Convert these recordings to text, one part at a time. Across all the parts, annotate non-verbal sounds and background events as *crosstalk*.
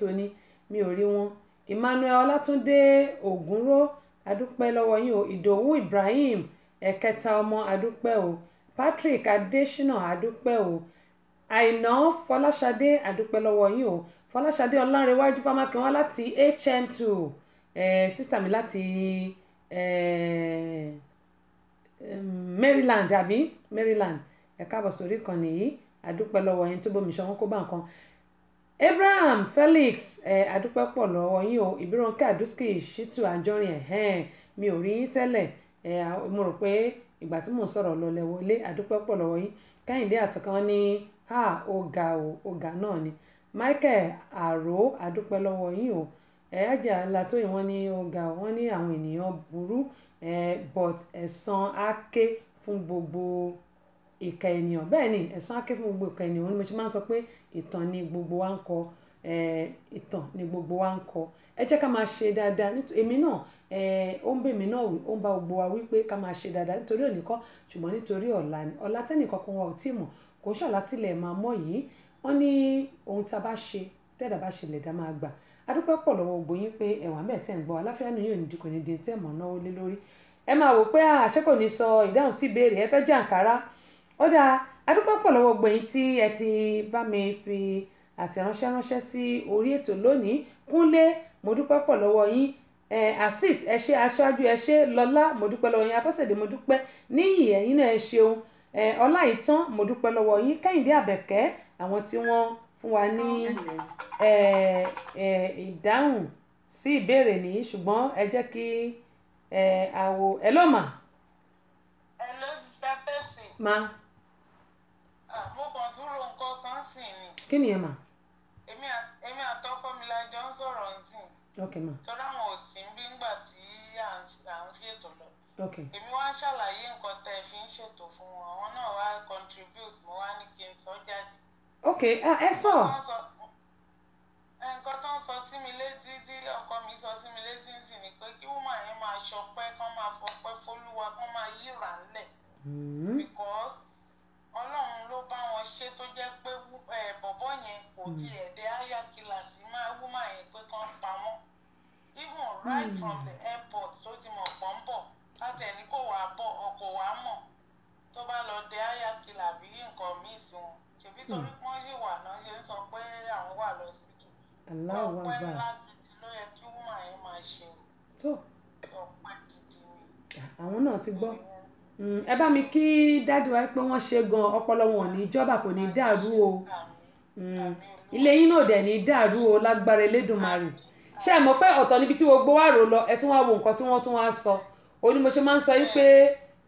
tòní mi ò rí wọn emmanuel ọlátúndé ògúnró adúpẹ́ lọ́wọ́ yín o ìdòwú ibrahim ẹ̀kẹta ọmọ adúpẹ́ o patrick adésínà adúpẹ́ o àìná fọláṣadé adúpẹ́ lọ́wọ́ yín o fọláṣadé ọlárẹ̀wájú fámákinwá láti hm2 eh, sísítà mi láti eh, maryland àbí maryland ẹ̀ka àbọ̀sórí kan nìyí adúpẹ́ lọ́wọ́ yín tó bómi ṣọwọ́n kó bá nǹkan abraham felix ẹ adúpẹ́ pọ̀ lọ́wọ́ yín o ìbírànkẹ́ àdúsíkì ṣítù àjọrin ẹ̀hẹ́n mi ò rí yín tẹ́lẹ̀ ẹ mo rò pé ìgbà tí mò ń sọ̀rọ̀ lọ lẹ́wọ́ ilé adúpẹ́ pọ̀ lọ́wọ́ yín kẹ́hìndé àtọkàn ní ha ó ga o ó ga náà ni michael àró adúpẹ́ lọ́wọ́ yín o ẹ̀yájà latóyìn wọn ní ó ga wọn ní àwọn ènìyàn burú but ẹ̀san á ké fún gbogbo ìkà ènìyàn bẹ́ẹ̀ ni ẹ̀san aké fún gbogbo ìkà ènìyàn ni mo ṣe máa ń sọ pé ìtàn ni gbogbo wa ń kọ ìtàn ni gbogbo wa ń kọ ẹ jẹ́ ká máa ṣe dáadáa nítorí èmi náà ó ń bè mí náà ó ń bá gbogbo wa wípé ká máa ṣe dáadáa nítorí òní kọ́ ṣùgbọ́n nítorí ọ̀la ni ọ̀la tẹ́nìkan kan wa ò tí mọ̀ kò ń ṣọ̀la tilẹ̀ máa mọ̀ yìí wọ́n ní ohun tá a bá ṣe tẹ́ẹ̀dá bá ṣe lẹ̀dá máa gbà adúpẹ́ pọ̀ lọ́wọ́ gbogbo yín pé ẹ̀wà mẹ́ẹ̀ tẹ̀ ń gbọ́ aláfíà nìyí ò ní dínkù ní dín tẹ́ náwó lé lórí ẹ máa wò pé àṣẹ kò ní sọ ìdáhùn sí ìbéèrè ẹ fẹ́ jàǹkárá ó dáa adúpẹ́ pọ̀ lọ́wọ́ gbẹ̀yìn tí ẹ ti bá mi fi àtẹ̀ránṣẹ́ ránṣẹ́ sí orí ètò lónìí kúnlé mo dúpẹ́ pọ̀ lọ́wọ́ yín asis ẹ ṣé aṣáájú ẹ ṣé lọ́lá mo dúpẹ́ lọ́wọ́ yín abọ́sẹ̀dé mo dúpẹ́ níyì ẹ̀yin náà ẹ ṣeun ọláìtàn mo dúpẹ́ lọ́wọ́ yín kẹ́hìndé àbẹ̀kẹ́ àwọn tí wọ́n fún wa ní ìdáhùn sí ìbéèrè nìyí ṣùgbọ́n ẹ jẹ́ kí àwò ẹ lọ́mà. ẹ ló ń dá kí ni ẹ mà. èmi èmi àtọkọ mi la jọ ń sọ̀rọ̀ nsìn. ok ma. tọ́lá àwọn òsì ń bí ngbà tí à ń ṣètò lọ. ok èmi wá ń ṣàlàyé nǹkan tẹ́ ẹ fi ń ṣètò fún wọn àwọn náà wá contribute mo wá ní kí n sọ jáde. ok ẹ sọ. nǹkan tó ń sọ sí mi létí tí ọkọ mi sọ sí mi létí ń sìn ni pé kí woman yẹn máa ṣọpẹ́ kán máa fọpẹ́ fólúwa kán máa yíra ńlẹ̀. Hmm. because ọlọ́run ló bá wọn ṣe tó jẹ́ pé kò tiẹ̀ dé aya kìláàsì máa wúmà yẹn pé kán pa wọ́n even right mm. from the airport tó ti mọ̀ pọ̀ ń bọ̀ láti ẹni kò wá bọ̀ ọkọ̀ wá mọ̀ tó bá lọ dé aya kìlà bí nǹkan míì sí wọn ṣèbí hmm. torí wọ́n yìí wà náà ṣe ń sọ pé àwọn wà lọ sí tù ọpẹ́ ńlá gidi ló yẹ kí wúmà yẹn máa hmm, ẹ bá mi kí dájú wa pé wọ́n ṣe gan ọpọlọ wọn ní jọba kò ní dàrú o. Hmm ilé yín náà dẹ̀ ní dàrú o lágbára elédùnmarè ṣé ẹ mọ̀ pé ọ̀tọ̀ níbi tí gbogbo wa rò lọ ẹ tún wá wo nǹkan tí wọ́n tún wá sọ ó ní mo ṣe máa ń sọ yí pé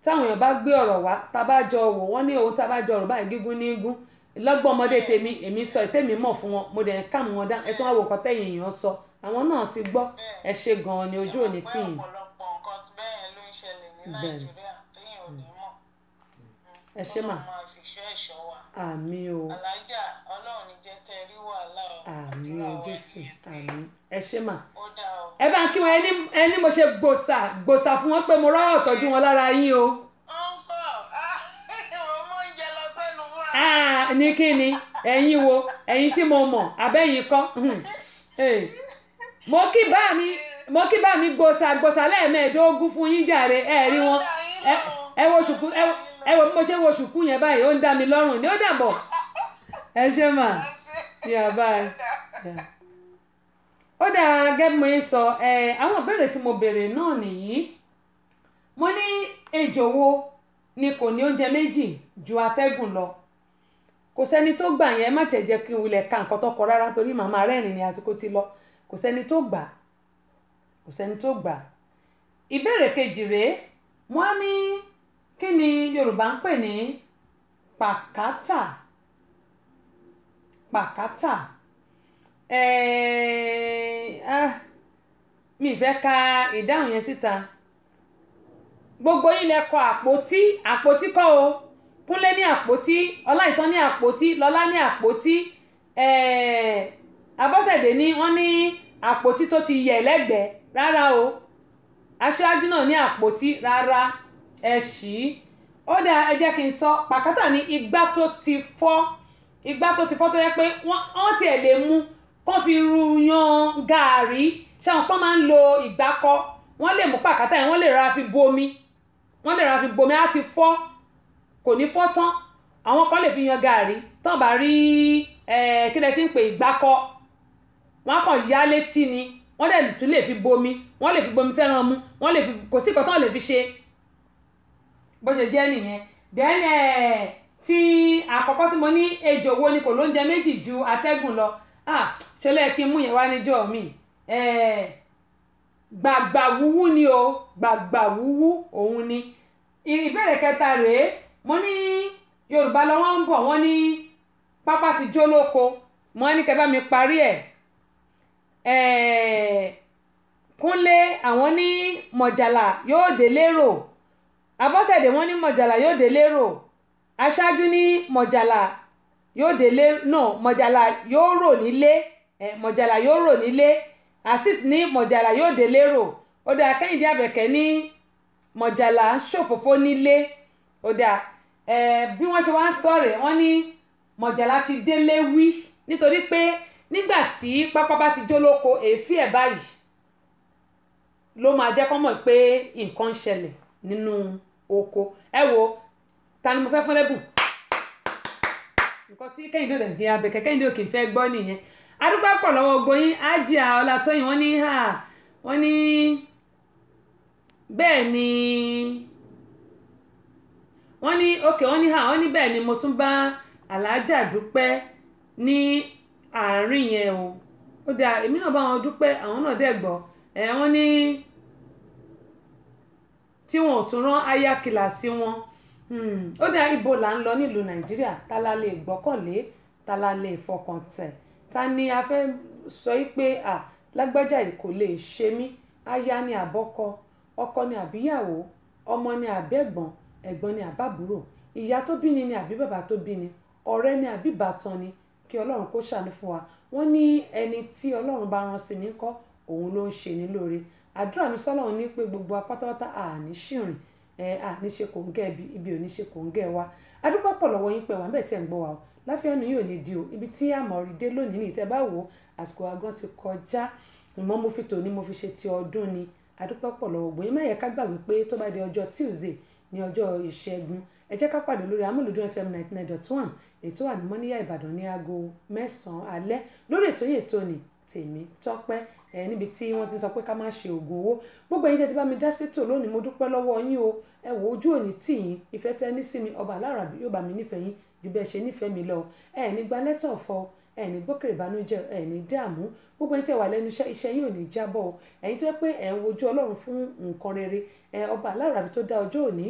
táwọn èèyàn bá gbé ọ̀rọ̀ wá tá a wò wọ́n ní òun tá a bá jọ ọ̀rọ̀ báyìí gígún ní gún lọ́gbọ́n ọmọdé tèmi èmi sọ ètèmi mọ̀ fún wọn mo dẹ̀ ń kà wọn dá ẹ tún wá wo nǹkan tẹ̀yìn èèyàn sọ àwọn náà ti gbọ́ ẹ ṣe gan-an ni ojú òní tì bẹ́ẹ̀ni ẹ ṣe mà àmì o. alájà ọlọ́run ní àmì o jésù àmì ẹ ṣe mà ẹ bá kí wọn ẹni mo ṣe gbòòsà gbòòsà fún wọn pé mo ráyọ̀ tọ́jú wọn lára yín o. Ah, *laughs* ah, ní kí ni ẹ̀yin wo ẹ̀yin tí mo mọ̀ abẹ́yìn kọ́ hmm. mo kí bá mi mo kí bá mi gbòòsà gbòòsà lẹ́ẹ̀mẹ́ẹ̀ẹ́dógún fún yín jàre ẹ̀ rí wọn ẹ wo ṣùkú ẹ wo bí mo ṣe wo ṣùkú yẹn báyìí ó ń dá mi lọ́rùn ni ó dàbọ̀ ẹ ṣe mà. yeah bye. Yeah. ó dáa gẹ́gẹ́ mo yín sọ àwọn mo béèrè náà nìyí mo ní ni kò ju ategun lọ kò sẹ́ni tó gbà yẹn má tẹ̀ ka nǹkan tó kọ rárá torí ni àsìkò ti lọ kò sẹ́ni tó gbà kò sẹ́ni pàkátà eh, ah, mi fẹ́ ka ìdáhùn yẹn síta gbogbo yín lẹ kọ àpótí àpótí kọ o kúnlé ní àpótí ọláìtàn ní àpótí lọlá ní àpótí eh, abọ́sẹ̀dé ni wọ́n ní àpótí tó ti yẹ̀ lẹ́gbẹ̀ẹ́ rárá o aṣáájú náà ní àpótí rárá ẹ ṣì ó dáa ẹ jẹ́ kí n sọ pàkátà ní igbá tó ti fọ́ igbá tó ti fọ́ tó yẹ pé wọ́n tiẹ̀ lè mú kán fi ru yan gàárì ṣáwọn pọ́n máa ń lo ìgbákọ́ wọ́n lè mú pàkátà yẹn wọ́n lè ra fi bomi wọ́n lè ra fi bomi á ti fọ́ kò ní fọ́ tán àwọn kan lè fi yan gàárì tán bá rí kí lẹ ti ń pè ìgbákọ́ wọ́n á kàn yá létí ni wọ́n lè tún lè fi bomi wọ́n lè fi bomi fẹ́ràn mu wọ́n lè fi kò sí ìkọ́tàn lè fi ṣe bó ṣe jẹ́ nìyẹn dẹ́nẹ̀ẹ́ tí àkọ́kọ́ tí mo ní ejò wo ni kò lóúnjẹ méjì ju atẹ́gùn lọ ah ṣẹlẹ̀ kí n mú yẹn wá níjọ́ mi eh, gbàgbà wúwú ni o gbàgbà wúwú òun ni ìbéèrè kẹta rèé mo ní yorùbá lọ́wọ́ ń bọ̀ wọ́n ní pápá ti jó lóko mo ní kẹ́ bá mi parí ẹ̀ eh, kúnlé àwọn ní mọ̀jàlá yóò dé lérò abọ́sẹ̀dé wọ́n ní mọ̀jàlá yóò dé lérò aṣáájú ní mọ̀jàlá yóò délé náà mọ̀jàlá yóò rò nílé ẹ̀ eh, mọ̀jàlá yóò rò nílé asis ní mọ̀jàlá yóò délé rò ó dáa kẹ́hìndé àbẹ̀kẹ́ ní mọ̀jàlá ṣòfófó nílé ó dáa ẹ̀ bí wọ́n ṣe wá ń sọ rẹ̀ wọ́n ní mọ̀jàlá ti délé wí nítorí pé nígbà tí pápá bá ti jólóko èéfì ẹ̀ báyìí ló máa jẹ́ kọ́ mọ̀ pé nǹkan ń ṣẹlẹ̀ nínú oko ẹ wo ta ni mo fẹ́ fún lẹ́bùn nǹkan tí kẹ́hìn náà lè fi abẹ kẹ́hìn náà kì í fẹ́ gbọ́ nìyẹn adúgbò pọ̀ lọ́wọ́ gboyin ájìá ọlátọ́yìn wọ́n ní hà wọ́n ní bẹ́ẹ̀ ni wọ́n ní ok wọ́n ní hà wọ́n ní bẹ́ẹ̀ ni mo tún bá aláàjà dúpẹ́ ní àárín yẹn o ó dáa èmi náà bá wọn dúpẹ́ àwọn náà dẹ̀ gbọ́ ẹ̀ wọ́n ní tí wọn ò tún rán aya kìláàsì wọn. Hmm. ó dá ibo là ń lọ nílùú nàìjíríà ta la lè gbọ́kànlé ta la lè fọkàn tẹ̀ ta ni a fẹ́ sọ pé à lágbájá yìí kò lè ṣe mí aya ni àbọ́kọ ọkọ ni àbíyàwó ọmọ ni àbẹ̀gbọ́n ẹ̀gbọ́n ni àbábúrò ìyá tó bí ni ni àbí bàbá tó bí ni ọ̀rẹ́ ni àbí ìbátan ni kí ọlọ́run kó ṣàánú fún wa wọ́n ní ẹni tí ọlọ́run bá rán sí ní kọ́ òun ló ń ṣe ní lóore àdúrà mi sọ́lọ́run ní pé gbogbo apátápátá àní ṣìrìn à ní ṣe kò ń gẹ́ ibi ibi ò ní ṣe kò ń gẹ́ wa adúpọ̀ pọ̀ lọ́wọ́ yín pẹ́ wà bẹ́ẹ̀ tẹ̀ ń gbọ́ wa o láfíàánú yóò ní di o ibi tí àmọ̀rí dé lónìí ní ìtẹ́ bá wò àsìkò agán ti kọjá ìmọ̀ mo fi tòní mo fi ṣe ti ọdún ni adúpọ̀ pọ̀ lọ́wọ́ gbòyìn má yẹ ká gbàgbé pé tó bá di ọjọ́ Tuesday ní ọjọ́ ìṣẹ́gun ẹ jẹ́ ká pàdé lórí amúlùdún fm ninety nine dot one ètò ànímọ́níyà ìbàdàn ní aago mẹ́sàn-án lórí ètò yìí ètò ni tèmi tọ́pẹ́ níbi tí wọ́n ti sọ pé ká má ṣe oògùn owó gbogbo ẹ̀yin tẹ́ ti bá mi dá sétò lónìí mo dúpẹ́ lọ́wọ́ yín o ẹ wò ojú òní tì yín ìfẹ́ tẹ́ ní sí mi ọba aláràbí yóò bá mi nífẹ̀ẹ́ yín ju bẹ́ẹ̀ ṣe nífẹ̀ẹ́ mi lọ ẹ ní gba lẹ́tọ̀ fọ ẹ ní gbókèrè ìbànújẹ́ ẹ ní dààmú gbogbo ẹ̀yin tẹ́ wà lẹ́nu iṣẹ́ yín ò ní jábọ́ o ẹ̀yin tó yẹ pé ẹ ń wojú Ọlọ́run fún nǹkan rere ẹ ọba aláràbí tó dá ọjọ́ òní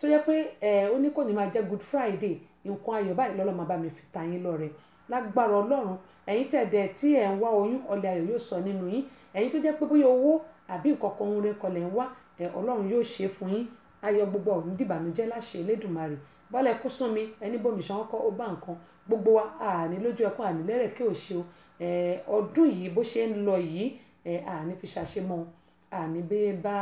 tó yẹ pé ẹ ó ní kò ní Good Friday nǹkan ayọ̀ báyìí lọ́lọ́ máa bá mi fi ẹ̀yin tí ẹ̀dẹ̀ tí ẹ̀ ń wá oyún ọlẹ ayọ̀ yóò sọ nínú yín ẹ̀yin tó jẹ́ pé bóyá owó àbí nǹkan kan orin kọlẹ̀ ń wá ẹ̀ ọlọ́run yóò ṣe fún yín ayọ̀ gbogbo ọ̀run dìbànújẹ́ láṣẹ elédùnmarè bọ́lẹ̀ kú sún mi ẹni bómi ṣan kọ́ ó bá nǹkan gbogbo wa àní lójú ẹkún àní lẹ́rẹ̀ kí ò ṣe o ọdún yìí bó ṣe ń lọ yìí àní fi ṣàṣemọ́ àní bí bá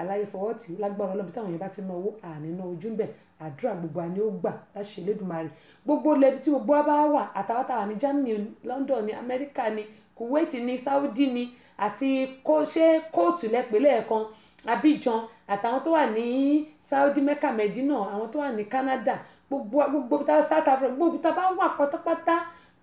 aláyé fọwọ́ tì lágbára ọlọ́run táwọn yẹn bá ti ná owó àní ná ojú ń bẹ̀ àdúrà gbogbo àní ó gbà láṣẹ Elédùmarè gbogbo lẹbi tí gbogbo wa bá wà àtàwátàwà ní Germany London ní Amẹ́ríkà ní Kuwait ní Saudi ní àti kó ṣe kóòtù lẹ́pẹ̀lẹ́ kan Abidjan àtàwọn tó wà ní Saudi Mecca Medina àwọn tó wà ní Canada gbogbo gbogbo South Africa gbogbo tá a bá wà pátápátá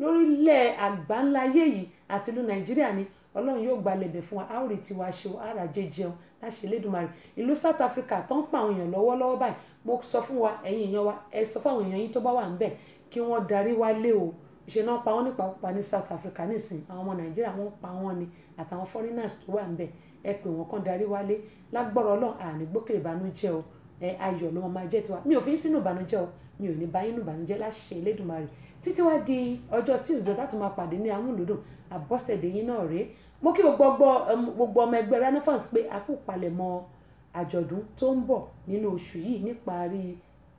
lórílẹ̀ àgbáńlá ayé yìí àti ìlú Nàìjíríà ni ọlọ́run yóò gbalẹ̀ ibẹ̀ fún wa a ó rí tiwa ṣe o a rà jẹ láṣẹ lẹ́dùnmarè ìlú South Africa tó ń pa àwọn èèyàn lọ́wọ́lọ́wọ́ báyìí mo sọ fún wa ẹ̀yin èèyàn wa ẹ sọ fún àwọn èèyàn yín tó bá wà ń bẹ̀ kí wọ́n darí wálé o ṣe náà pa wọ́n nípa pupa ní South Africa nísìn àwọn ọmọ Nàìjíríà wọ́n pa wọ́n ni àtàwọn foreigners tó wà ń bẹ̀ ẹ pè wọ́n kàn darí wálé lágbọ́rọ̀ ọlọ́run àní gbókèrè ìbànújẹ́ o ayọ̀ ló máa jẹ́ tiwa mi ò fi ń sínú ìbànújẹ́ o mi ò ní bá yín nù ìbànújẹ́ láṣẹ Elédùmarè títí wá di ọjọ́ Tuesday tá a tún máa pàdé ní amúlùdùn àbọ̀sẹ̀dé yín náà rèé mo kí gbogbo gbogbo ọmọ ẹgbẹ́ ranafans pé a kú palẹ̀mọ́ àjọ̀dún tó ń bọ̀ nínú oṣù yìí níparí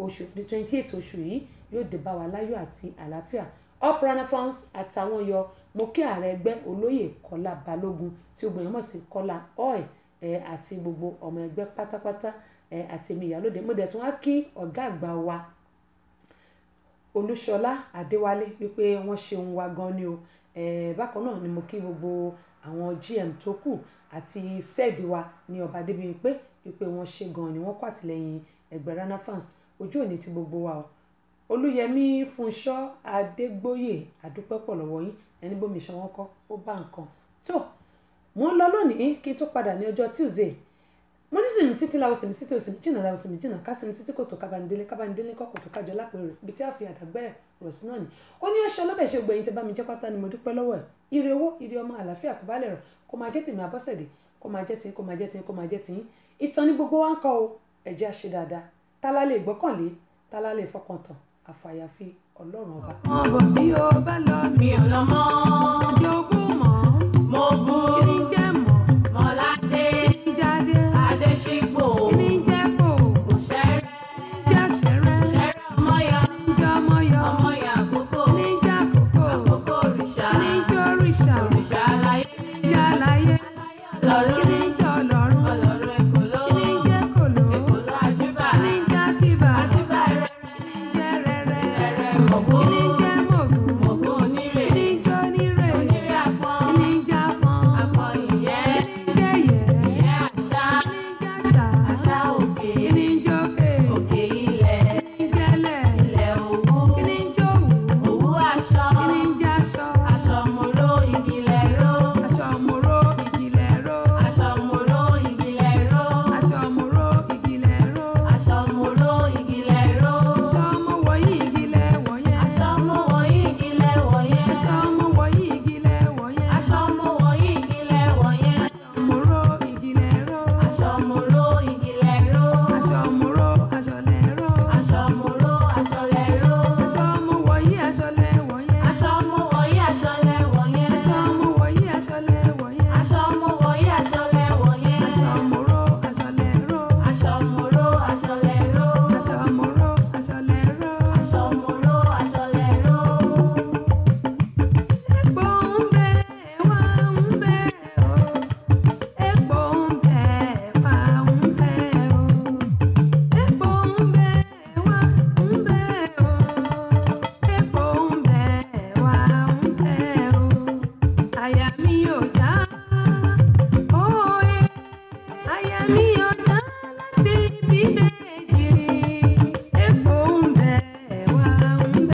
oṣù di twenty eight oṣù yìí yóò dé bá wa láyọ̀ àti àlàáfíà up ranafans àtàwọn yọ mo kí ààrẹ ẹgbẹ́ olóyè Kọ́lá Balógun tí gbogbo èèyàn mọ̀ sí Kọ́lá oil àti gbogbo ọmọ ẹgbẹ́ pátápátá àti èmi ìyálòde mo dẹ̀ tún wá kí ọ̀gá àgbà wa olúṣọlá adéwálé wípé wọ́n ṣeun wa gan ni o bákan náà ni mo kí gbogbo àwọn gm tó kù àti sẹ́ẹ̀dì wa ní ọba adébíyìnpé wípé wọ́n ṣe gan ni wọ́n kó àtìlẹ́yìn ẹgbẹ́ rana fans ojú òní ti gbogbo wa o olúyẹmí fúnṣọ́ adégbóyè àdúpẹ́ pọ̀ lọ́wọ́ yín ẹni bómi ìṣọwọ́n kọ́ ó bá nǹkan tó mò ń lọ lónìí kí n tó padà ní ọjọ́ tuesday mo ní sèmi títí la òsèmi títí òsèmi jìnnà la òsèmi jìnnà ká sèmi títí kòtò kabandélé kabandélé kọ́ kòtò kájọ lápẹ̀rẹ̀ ibi tí a fi àdàgbẹ́ rọ̀ sí náà ni ó ní ọṣẹ ọlọ́bẹ̀ ṣe gbẹ̀yìn tí bá mi jẹ́ pátá ni mo dúpẹ́ lọ́wọ́ ẹ̀ ire owó ire ọmọ àlàáfíà kò bá lè rọ̀ kó máa jẹ́ tèmi àbọ́sẹ̀dé kó máa jẹ́ tiyín kó máa jẹ́ tiyín kó máa jẹ́ tiyín ìtàn ni gbogbo wa ń kọ o ẹ jẹ́ á ṣe dáadáa tálá lè gbọ́kànlé tálá lè